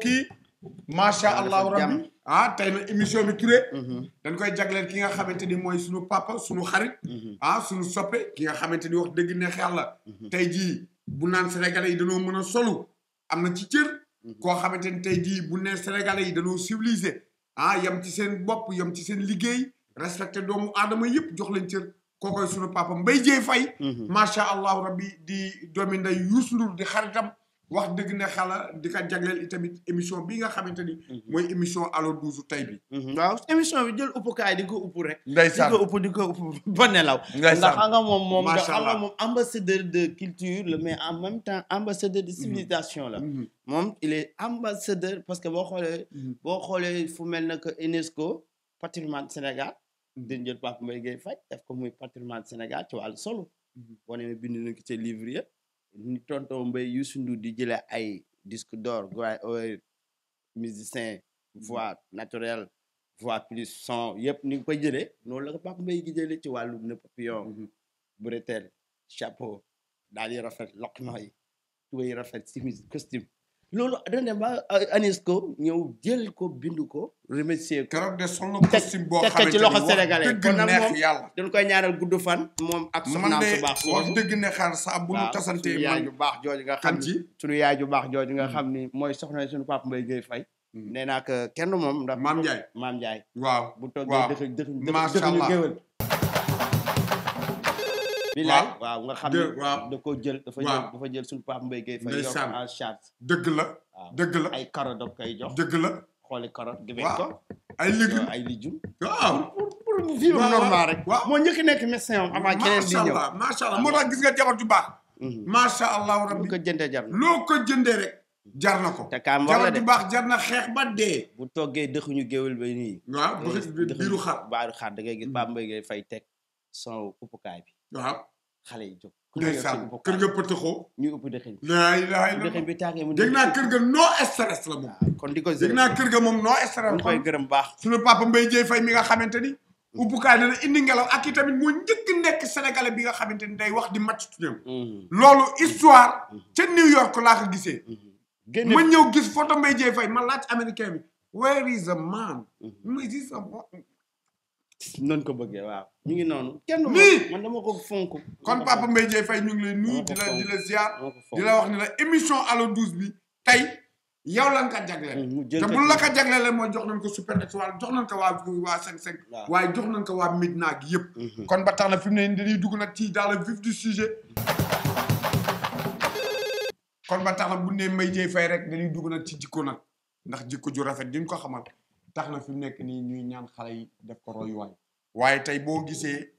kii yi macha allahu rabbi ah tey nag émission bi Touré. Mhm. dañ koy jagleel ki nga xamante ni mooy suñu papa sunu xarit. Mhm. ah suñu soppe ki nga xamante ni wax dëgg neex la mhm. tey jii bu naan sénégalais yi dañoo mën a am na ci cër. koo xamante ni tey jii bu nee sénégalais yi dañoo civilisé ah yam ci seen bopp yam ci seen liggéey respecté doomu aadama yëpp jox leen cër. kookoy suñu papa Mbaye Dieye Faye. macha allahu rabbi di doomi nday Youssou Ndour di xaritam. wax dëgg ne xala di ka jagleel tamit émission bi nga xamante ni. Mhm. mooy émission allo douze tey bi. Mhm. waaw émission bi jël uppukaay di ko upp rek. ndeysaan di upp di ko upp ba nelaw. ndax xam nga moom moom ndax xam ambassadeur de culture la mais en même temps ambassadeur de mhm. civilisation la. moom il est ambassadeur parce que boo xoolee. boo xoolee fu mel ne que UNESCO patrimoine Sénégal. dañ jël Pape Mbaye Guèye Faye def ko muy patrimoine Sénégal ci wàllu solo. boo nee ni tonton Mbaye Youssou Ndour di jëlee ay disque d'or euh, musicien mmh. voix naturelle voix plus son yëpp ni nga koy jëlee noonu la ko Pape jëlee ci wàllum ne papillon mmh bretelle chapeau daal yi rafet loqno yi tuba yi rafet simis costume loolu dañ dem anis ko ñëw jël ko bind ko remercier ko. keroog de sol na costume boo xamante ci loxo sénégalais kon nag moom dañ koy ñaanal gudd fan. moom ak soxnaam su baax man de dëgg ne xaar saa bu nu tasantee. yaay ju baax jooju nga xam ni sunu yaay ju baax jooju nga xam ni mooy soxna sunu papa Mbaye Gueye Faye. Hmm. nee naa ko kenn moom ndax. maam Ndiaye maam Ndiaye. waaw waaw bu toogee dëkk dëkk dëkk ñu géwél. bi waaw nga xam da koo jël dafa jël dafa jël suñu Pape Mbaye Gueye Faye la dëgg la ay carotte dëgg la xooli carotte gi ko ay légumes ay lijum waaw nekk médecin am avant mhm. ko jëndee jar loo ko jëndee rek na ko te kaam baax jar na xeex ba bu toggee dëxuñu géwél ba nii waaw biiru xar baaru xar da ngay gis Pape bi waaw xale yi jóg. ndeysaan kër ga pëtëxoo ñu ëpp dëxëñ laay laay naa kër ga no stress la moom ah, kon di naa kër moom no stress la koy gërëm baax suñu papa Mbaye Dieye Faye mi nga xamante ni ubbukaay dana indi ngelaw ak i tamit moo nekk sénégalais bi nga xamante ni day wax di match tuñam mm-hmm. loolu histoire mm-hmm. ca New York laa ko gisee mm-hmm. ma ñëw gis photo Mbaye Dieye Faye ma laaj américain bi where is a man is this a noonu ko bëggee waaw ñu ngi mm. noonu. kenn nii man fonk. kon Papa Mbaye Dièye Faye ñu ngi lay nuyu di la di wax ni la émission alo 12 bi tey yow lan ka jagleel. Mm, te bu la ka jaglelee mooy jox nañ ko Super Étoile jox nañ ko waa waa 5-5. waaye jox nañ ko waa Midna gi yëpp. Mm-hmm. kon ba tax na fi mu ne nii dañuy dugg nag ci dans le vif du sujet. kon ba na bu ne Mbaye Dièye Faye rek dañuy dugg nag ci jikko nag ndax jikko ju rafet diñ ko xamal. tax na fi nekk nii ñuy ñaan xale yi def ko royuwaay waaye tey boo gisee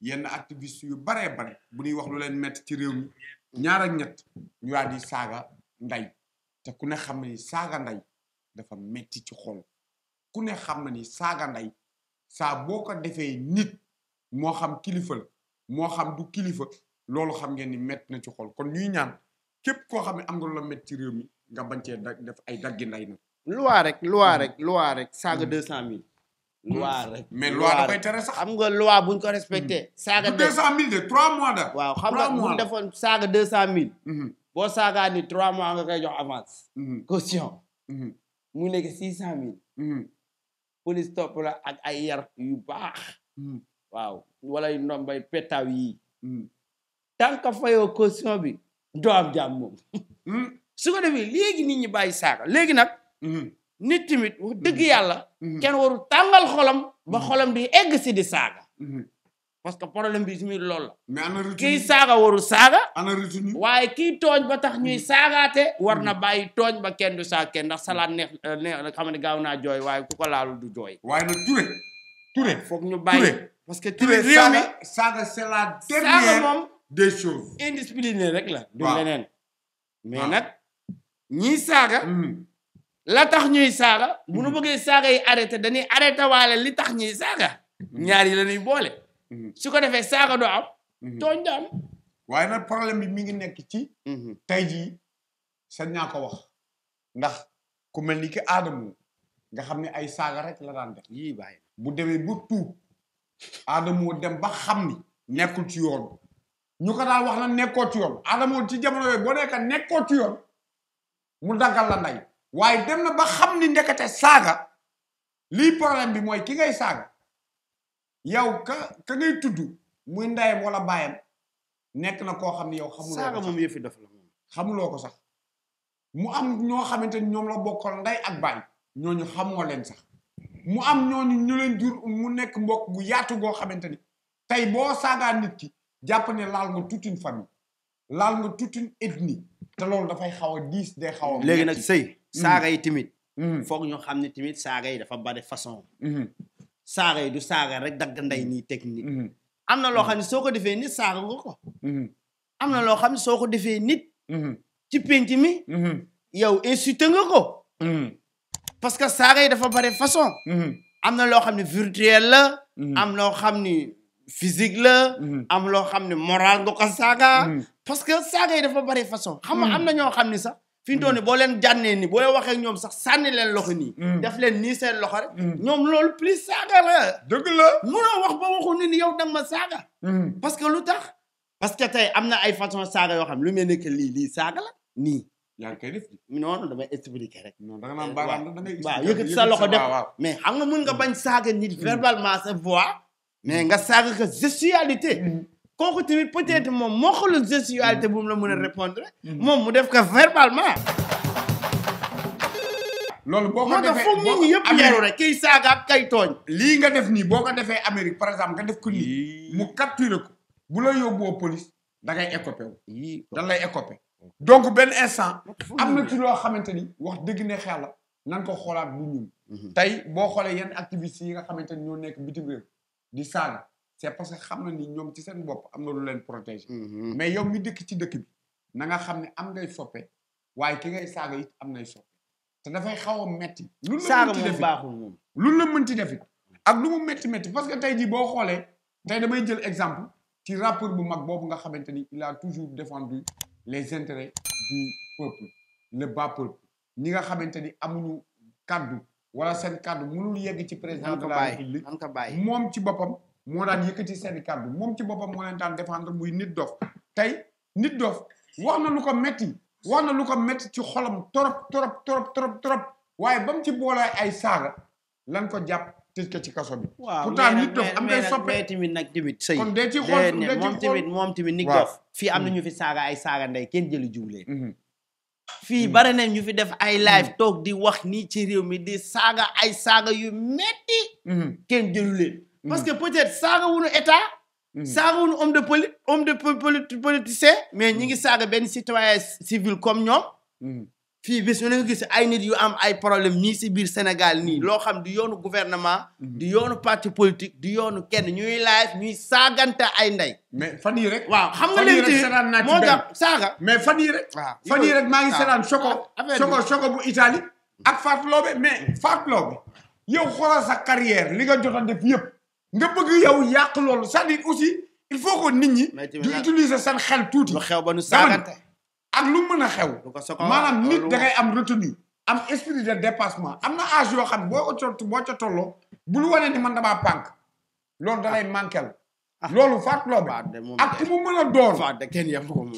yenn activiste yu baree bare bu ñuy wax lu leen mett ci réew mi ñaar ñett ñu daal saaga nday te ku ne xam na ni saaga nday dafa metti ci xol ku ne xam na ni saaga nday saa boo ko defee nit moo xam kilifa moo xam du kilifa loolu xam ngeen ni métti na ci xool kon ñuy ñaan képp koo xam ne am nga lu la métti ci réew mi nga bañ cee def ay daggi nday nag loi rek loi ah. rek loi rek saaga hmm. deux cent mille. Hmm. loi rek mais loi da koy tere nga loi buñ ko respecté. Hmm. saaga deux cent mille de trois mois da. waaw xam nga buñ defoon saaga deux cent mille. boo saagaa ni trois mois nga koy jox avance. caution. mu nekk six cent mille. police topp la ak ay yar yu baax. waaw wala yu ndombay pétaw yi. tant que fayoo caution bi doo am jàmm moom. su ko léegi nit ñi bàyyi saaga léegi nag. Mm-hmm. nit tamit wax mm-hmm. dëgg yàlla mm-hmm. kenn warul tàngal xolam ba xolam di egg si di saaga parce que problème bi tamit loolu la kii saaga waru saaga waaye kii tooñ ba tax ñuy saagaate war na bàyyi tooñ ba kenn du saag kenn ndax salaat neex eh, neex xam ne gaaw naa jooy waaye ku ko du jooy waaye nag Touré Touré ah, foog ñu bàyyi parce que Touré réew saaga c'est la dernière saaga moom des choses indiscipliné rek la du leneen mais nag ñii saaga la tax ñuy saaga bu nu mhm. bëggee saaga yi arrêté dañuy arrêté waale li tax ñuy saaga mhm. ñaar yi la ñuy boole mhm. su ko defee saaga doo am tooñ du am waaye nag problème bi mi ngi nekk ci tey jii sañ naa wax ndax ku mel ni ki aadamu nga xam ne ay saaga rek la daan def yii bàyyi bu demee ba tuub aadamoo dem ba xam ni nekkul ci yoon ñu ko daal wax na nekkoo ci yoon aadamoo ci jamono yooyu boo nekka nekkoo ci yoon mu daggal la nday waaye dem na ba xam ni ndekete saaga lii problème bi mooy ki ngay saaga yow ka ka ngay tudd muy ndayam wala baayam nekk na koo xam ne yow. xamuloo ko def la xamuloo ko sax mu am ñoo xamante ni ñoom la bokkal nday ak baay ñooñu xamoo leen sax mu am ñoo ñu leen jur mu nekk mbokk gu yaatu goo xamante ni tey boo saagaa nit ki jàpp ne laal nga toute une famille laal nga toute une te loolu dafay xaw a diis de xaw a. léegi nag sëy saaga hmm. yi tamit. Hmm. foog ñu xam ne tamit saaga yi dafa bari façon. Hmm. saaga yi du saaga rek dagg nday nii technique. am na loo xam ne soo ko defee nit saaga nga ko. am na loo xam ne soo ko defee nit. ci penc mi. yow insulté nga ko. parce que saaga yi dafa bari façon. am na loo xam ne virtuel la. am loo xam ni physique la. am loo xam ne moral nga saaga. parce que saaga yi dafa bari façon. xam am na ñoo xam ni sax. fi mu boo leen jànnee nii boo waxee ñoom sax sànni leen loxo nii. Mm. def leen nii seen loxo rek. Mm. ñoom loolu plus saaga la. dëgg la munoo wax ba waxu ni ni yow danga ma saaga. Mm. parce que lu tax. parce que tey am na ay façon saaga yoo xam lu mel ni que lii lii saaga la nii. yaa ngi koy def non rek. non danga naan baaraam da ngay waaw sa loxo def mais xam nga mun nga bañ saaga nit verbalement se voix. mais nga saaga que gestualité. kooku tamit peut-être moom moo xoolul gestualité bu mu la mën a mm-hmm. répondre mm-hmm. moom mu def ko verbalement. loolu boo ko defee moo tax nit ñi yëpp yeeru rek kiy tooñ. lii nga def nii boo ko defee Amérique par exemple nga def ko nii mu capturé ko bu la yóbboo police da ngay écopé wu. dan lay écopé donc benn instant. am na ci loo xamante ni wax dëgg ne xel nan ko xoolaat bu ñun. Mm-hmm. tey boo xoolee yenn activistes yi nga xamante ni ñoo nekk bitim réew di saaga. c'est parce que xam na ni ñoom ci seen bopp am na lu leen protéger. Mm-hmm. mais yow mi dëkk ci dëkk bi na nga xam ne am ngay soppe waaye ki ngay saaga it am nay soppe te dafay xaw a metti lu la mënti def lu la mënti def it ak lu mu metti metti parce que tey jii boo xoolee tey damay jël exemple ci rappeur bu mag boobu nga xamante ni il a toujours défendu les intérêts du peuple le bas peuple ñi nga xamante ni amuñu kaddu wala seen kaddu lu yegg ci président de la république moom ci boppam moo daan yëkkati kàddu moom ci boppam moo leen daan défendre muy nit dof tey nit dof wax na lu ko metti wax lu ko metti ci xolam torop torop torop torop torop waaye ba ci boolee ay saaga lan ko jàpp tëj ko ci kaso bi. pourtant nit dof am day nag tamit moom tamit moom tamit fii am na ñu mm-hmm. fi saaga ay saaga ndey kenn jëli juulee mm-hmm. fii mm-hmm. bari na ñu fi def ay live toog di wax nii ci réew mi di saaga ay saaga yu metti kenn jëlu leen parce mm. que peut-être saaga wuñu état. Mm. saaga wuñu homme de poli homme de politicien. mais ñi ngi mm. saaga benn citoyen civil comme ñoom. fii bis ñu nga gis ay nit yu am ay problème mii si biir Sénégal nii loo xam di yoonu gouvernement. di yoonu parti politique di yoonu kenn ñuy live ñuy saagante ay ndey. mais fan yii rek. waaw xam nga léegi moo tax saaga. mais fan yii rek. waaw fan yii rek maa ngi seetaan Choco. Ah, Choco Choco bu Italie. ak Fatou Laobé mais Fatou Laobé yow xoolal sa carrière li nga jot a def yëpp. nga bëgg yow yàq loolu sa à dire aussi il faut que ni ñi. du utiliser seen xel tuuti. xew ba nu saagante ak lu mën a xew. maanaam nit da ngay am retenu am esprit de am na âge yoo xam boo co boo ca tolloo. bul wane ni man damaa pànk loolu da lay ah. manquel ah. loolu faat loo ak ku mu mën a doon.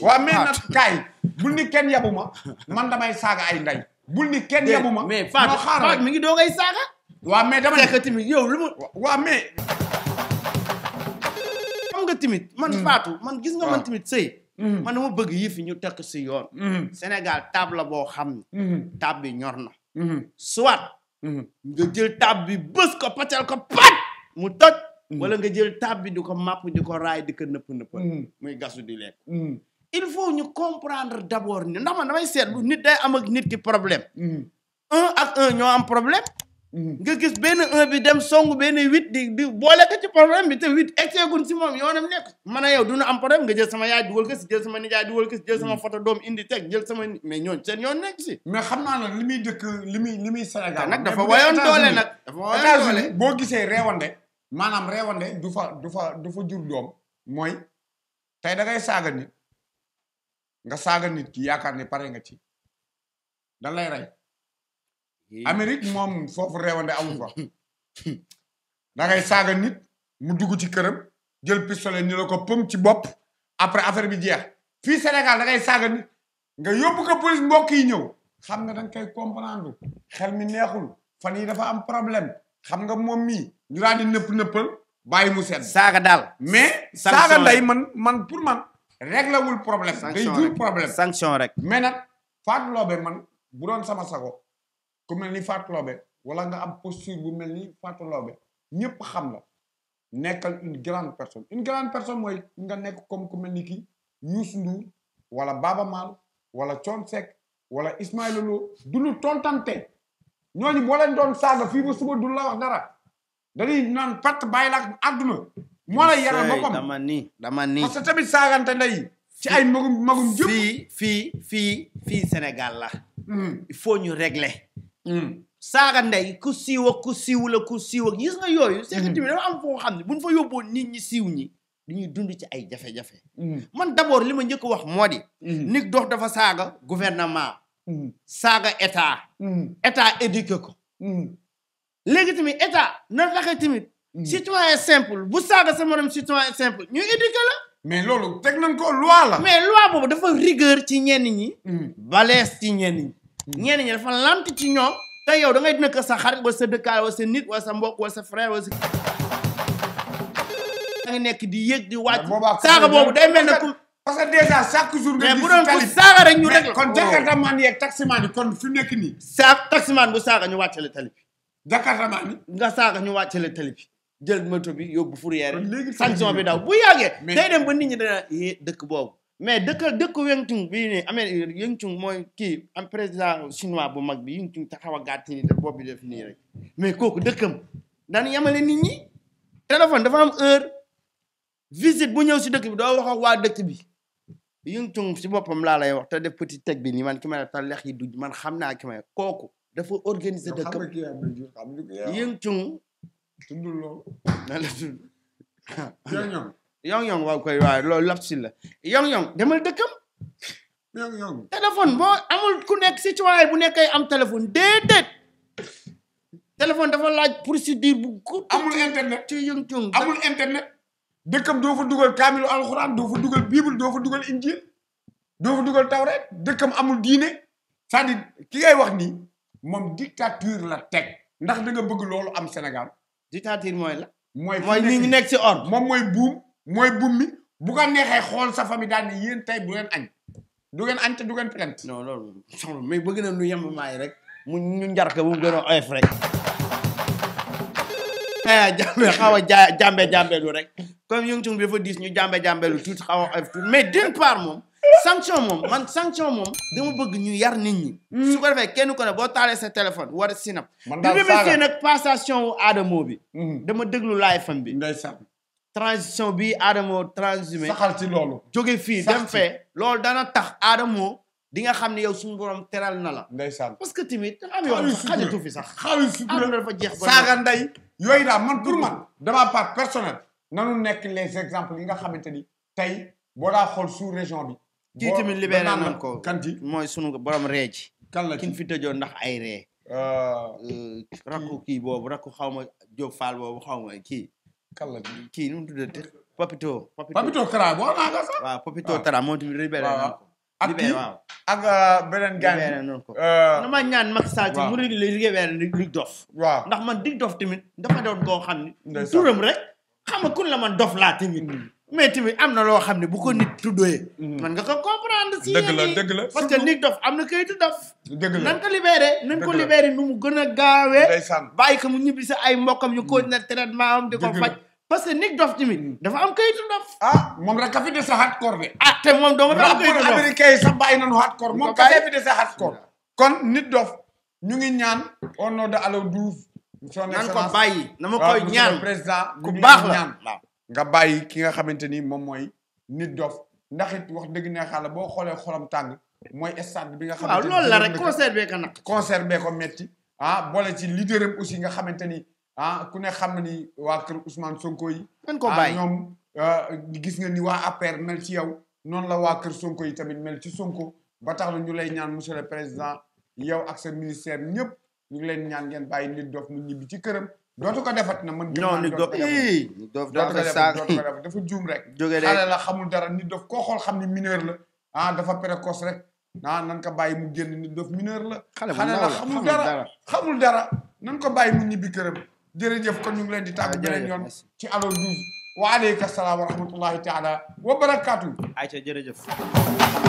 waaw mais nag kaay bul ni kenn yabu ma man damay saaga ay ndey. bul ni kenn yabu ma. mais faat mi ngi doogay saaga. waa mais dama nekk tamit yow lu mu xam nga tamit man hmm. faatu man gis nga man tamit sëy hmm. man dama bëgg yii fi ñu tekk si yoon. Hmm. Sénégal tab la boo xam ne. tab bi ñor na. soit. nga jël tab bi bës ko pacal ko pat mu toj. wala nga jël tab bi du ko màpp di ko raay di ko nëpp nëppal. muy gasu di lekk. il faut ñu comprendre d' abord ni ndax man damay seetlu nit day am nit ki problème. un am problème. Mm-hmm. nga gis benn un bi dem song benn huit di di boole ko ci problème bi te huit egseegun si moom yoonam nekk mana a yow duna am problème nga jël sama yaay dugal ko si jël sama nijaay dugal ko si jël sama mm-hmm. photo doom indi teg jël sama mais ñooñ seen yoon nekk si mais xam naa nag li muy dëkk li muy li muy Sénégal nag dafa wayoon doole nag dafa wayoon doole boo gisee reewande maanaam reewande du fa du fa du fa jur doom mooy tey da ngay saaga nit nga saaga nit ki yaakaar ne pare nga ci dan lay rey Amérique moom foofu réewande amul fa da ngay saaga nit mu dugg ci këram jël pistolet ñu la ko pëm ci bopp après affaire bi jeex fii Sénégal da ngay saaga nit nga yóbbu ko police mbokk yi ñëw xam nga da nga koy comprendre xel mi neexul fan yi dafa am problème xam nga moom mi ñu daal di nëpp nëppal bàyyi mu seet. saaga daal mais. saaga nday man man pour man. réglé wul problème. day jur problème sanction rek. mais nag loobe man bu doon sama sago. ku mel ni Fatou Laobé wala nga am posture bu mel ni Fatou Laobé ñëpp xam la nekkal une grande personne une grande personne mooy nga nekk kom ku mel ni kii Youssou Ndour wala Baba Maal wala Thione Seck wala Ismaël Lo du lu tontante ñooñu boo leen doon saaga fii ba suba du la wax dara dañuy naan pat bàyyi la ak àdduna moo lay yaral boppam dama nii dama nii parce que tamit saagante ndey ci ay magum magum jëpp fii fii fii fii Sénégal la hmm. il faut ñu régler Mm. saaga ndey ku siiw ak ku siiw la ku siiw ak gis nga yooyu. Cheikh mm. Tidiane dafa am foo xam bu buñ fa yóbboo nit ñi siiw ñi. dañuy dund ci ay jafe-jafe. Mm. man d'abord li ma njëkk wax moo di. nit dox dafa saaga gouvernement. saaga état. état éduqué ko. léegi tamit état na fexe tamit. citoyen simple bu saaga sama morom citoyen simple ñu éduqué la. mais loolu teg nañ ko loi la. mais loi boobu dafa rigueur ci ñenn ñi. balees ci ñenn ñi. ñenn ñi fan lant ci ñoom te yow da ngay sa xarit wala sa dëkkaay wala nit wala sa mbokk wala sa frère wala nekk di yéeg di wàcc. saaga boobu day mel ne parce que déjà chaque jour. nga bu doon ku saaga rek ñu rek kon jakarta man yeeg taximaan kon fi nekk nii. saa taximaan bu saaga ñu wàccale tali bi. jakarta man yi. nga saaga ñu wàccale bi. jël moto bi yóbbu fourrière. léegi sanction bi daw bu yàggee. day dem ba nit ñi yee eh, dëkk boobu. mais dëkk dëkk Yengtung bii nii amee Yengtung mooy kii am président chinois bu mag bi Yengtung taxaw a gàtt nii te bopp bi def nii rek mais kooku dëkkam daan yemale nit ñi téléphone dafa am heure visite bu ñëw si dëkk bi doo wax ak waa dëkk bi Yengtung si boppam laa lay wax te def petit teg bi nii man ki may ta lex yi du man xam naa ki may kooku dafa organiser dëkkam Yengtung tuddul loolu yong waaw koy waaye loolu laf si la yong-yong demal dëkkam. yong-yong téléphone boo amul ku nekk si citoyen bu nekkay am téléphone déedéet. téléphone dafa laaj procédure bu. amul internet ci yëng cong amul internet. dëkkam doo fa dugal kaamilu alxuraan doo fa dugal bible doo fa dugal injil doo fa dugal tawret dëkkam amul diine cest ki ngay wax nii moom dictature la teg ndax da bëgg loolu am Sénégal. dictature mooy la. mooy mooy ngi nekk ci ordre. moom mooy buum. mooy bummi bu ko neexee xool sa famille daal ni yéen tey bu ngeen añ du ngeen añ te du ngeen plainte. non mais bëgg na nu yemb maa rek mu ñu njar ko bu mu gën a rek. ah jàmbe xaw a ja jàmbe jàmbeelu rek comme Yung Cung bi dafa diis ñu jàmbe jàmbeelu tuuti xaw a oyof tuuti d'une part moom. sanction moom man sanction moom dama bëgg ñu yar nit ñi. Hmm. su ko kenn ko ne boo taalee sa téléphone war a sinap. man daal saaga bi nag hmm. déglu laay fam bi. ndeysaan transition bi Adamo transhumé saxal ci loolu. jóge fii dem fee. loolu dana tax Adamo di nga xam ne yow suñu borom teral na la. ndeysaan parce que tamit. am yoon xajatu fi sax xaalis su dafa jeex. saaga ndey yooyu daal man a man damaa part personnel nanu nekk les exemples yi nga xamante ni tey boo daa xool sous région bi. kii tamit libéré nañ ko kanti mooy sunu borom ree ji. kan la ki fi tëjoon ndax ay ree euh, euh, rakku kii boobu rakku xaw ma Diop Fall boobu xaw ma kii. kan la kii nu mu tuddati Papito. Papito Kara boo ah, naa ko sax. waaw Papito ah. Kara moo tudd Libéré. waaw ak kii ak ah, beneen gaañ. Libéré noonu euh, ma ñaan Macky Sall. waaw mu ne la Libéré Ligue Dof. waaw ndax man Ligue Dof mm. loo xam ne bu ko nit tuddee. Mm. man nga ko la dëgg la parce que nit dof am na kayitu dof. mu gën a gaawee. mu ñibbi sa ay mbokkam yu ko na traitement am di ko faj. parce que nit dof tamit dafa am kayitu dof. ah moom rek a fi dese hardcore de. ah te moom dong dafa am kayitu dof américain yi sax bàyyi nañu hardcore moom ka fi dese hardcore. kon nit dof ñu ngi ñaan au nom de Allo Diouf. son na ma koy ñaan nga bàyyi ki nga xamante ni moom mooy nit dof ndax it wax dëgg ne xala boo xoolee xolam tàng mooy stade bi nga. xamante ni waaw loolu la rek ko nag. concert bee ko metti ah boole ci leader aussi nga xamante ni. ah ku ne xam na ni waa kër Ousmane yi. nañ ko ah, bàyyi ñoom ah, gis nga ni waa APR mel ci yow noonu la waa kër Sonko yi tamit mel ci Sonko ba tax na ñu lay ñaan monsieur le président yow ak sa ministère ñëpp ñu ngi leen ñaan ngeen bàyyi nit dof mu ñibbi ci këram. dootu ko defat na man. non nit dof nit dof dafa dafa juum rek. jóge xale la xamul dara nit dof koo xool xam ni mineur la ah dafa précoce rek. ah nan ko bàyyi mu génn nit dof mineur la. xale la xamul dara xamul dara nan ko bàyyi mu ñibbi këram. jërëjëf kon ñu ngi leen di tàgg ah, beneen yoon ci Allo 12 wa aleyka salaam wa rahmatullahi taala wa barakaatu. ayca jërëjëf.